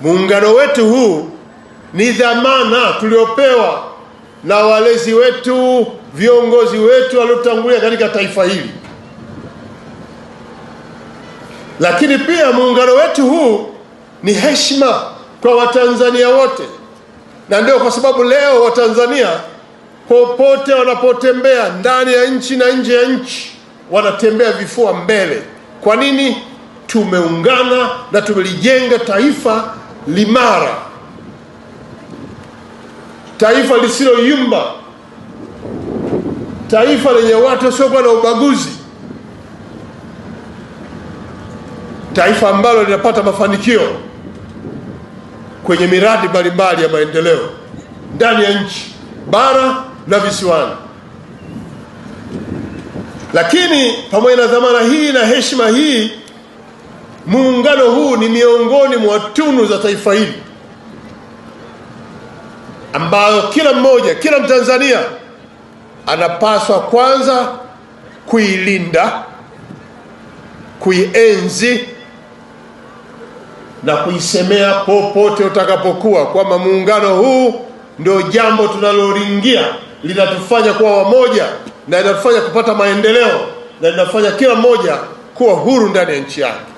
Muungano wetu huu ni dhamana tuliopewa na walezi wetu, viongozi wetu waliotangulia katika taifa hili, lakini pia muungano wetu huu ni heshima kwa Watanzania wote, na ndio kwa sababu leo Watanzania popote wanapotembea ndani ya nchi na nje ya nchi wanatembea vifua mbele. Kwa nini? Tumeungana na tumelijenga taifa limara, taifa lisiloyumba, taifa lenye watu wasiokuwa na ubaguzi, taifa ambalo linapata mafanikio kwenye miradi mbalimbali ya maendeleo ndani ya nchi, bara na visiwani. Lakini pamoja na dhamana hii na heshima hii Muungano huu ni miongoni mwa tunu za taifa hili ambayo kila mmoja, kila Mtanzania anapaswa kwanza kuilinda, kuienzi na kuisemea popote utakapokuwa, kwamba muungano huu ndio jambo tunaloringia, linatufanya kuwa wamoja na linatufanya kupata maendeleo na linafanya kila mmoja kuwa huru ndani ya nchi yake.